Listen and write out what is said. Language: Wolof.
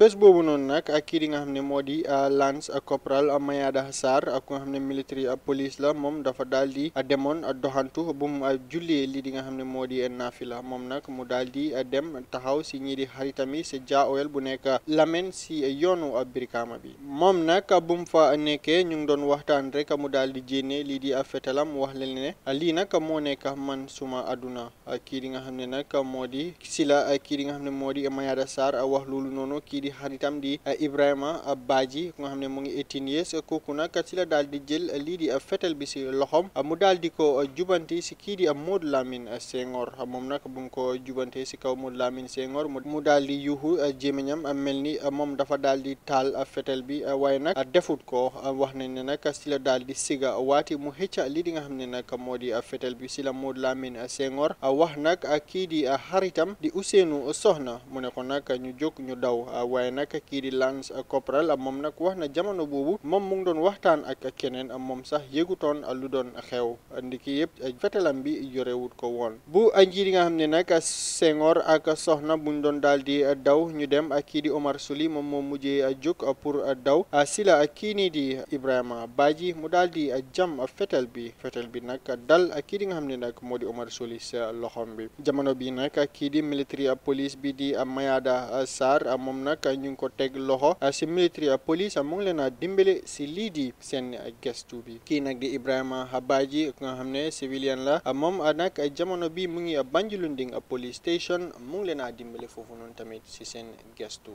bés boobu noonu nag kii di nga xam ne moo di ak euh, lance corporal Mayada Sarr ak nga xam ne military police la moom dafa daal di demoon doxantu bu mu jullee lii di nga xam ne moo di naafila moom nag mu daal di dem taxaw si ñii di xaritami si jaoel bu nekk lamen si yoonu Brikama bi moom nag bu mu fa nekkee ñu ngi doon waxtaan rek mu daal di jénne lii di la mu wax leen ne lii nag moo nekk man suma àdduna kii di nga xam ne nag moo di si la kii di nga xam ne moo di Mayada Sarr wax loolu noonu kii di xaritam di eh, Ibrahima Badji ku nga xam ne mu ngi eighteen years eh, kooku nag si la daal di jël eh, lii di fetel bi si loxom mu daal di ko jubanti si kii di Modou Lamine Senghor moom nag bu mu ko jubante si kaw Modou Lamine Senghor mu daal di yuuxu jéméñam mel ni moom dafa daal di taal fetel bi waaye nag defut ko wax nañ ne nag si la daal di siga waati mu xëcca lii di nga xam ne nag moo di fetel bi si la mood Modou Lamine a wax nag kii di xaritam di Ousseynou Soxna mu ne ko nag ñu jóg ñu daw waaye nag kii di Lance Corporal moom nag wax na jamono boobu moom mu ngi doon waxtaan ak keneen moom sax yëgutoon lu doon xew ndiki yëpp fetelam bi yorewut ko woon bu njiit yi nga xam ne nag Senghor ak soxna buñ doon daal di daw ñu dem ak kii di Omar Suli moom moo mujjee jóg pour daw si la kii nii di Ibrahima Badji mu daal di jam fetel bi fetel bi nag dal kii di nga xam ne nag moo di Omar Suli sa loxom bi jamono bi nag kii di military police bi di Mayada nag ñu ngi ko teg loxo ah, si military ah, police ah, mu ngi leen a dimbale si lii di seen gestu bi kii nag di Ibrahima Habaji nga xam ne civilian la moom nag jamono bi mu ngi Banjulunding police station mu ngi leen a dimbale foofu noonu tamit si seen gestu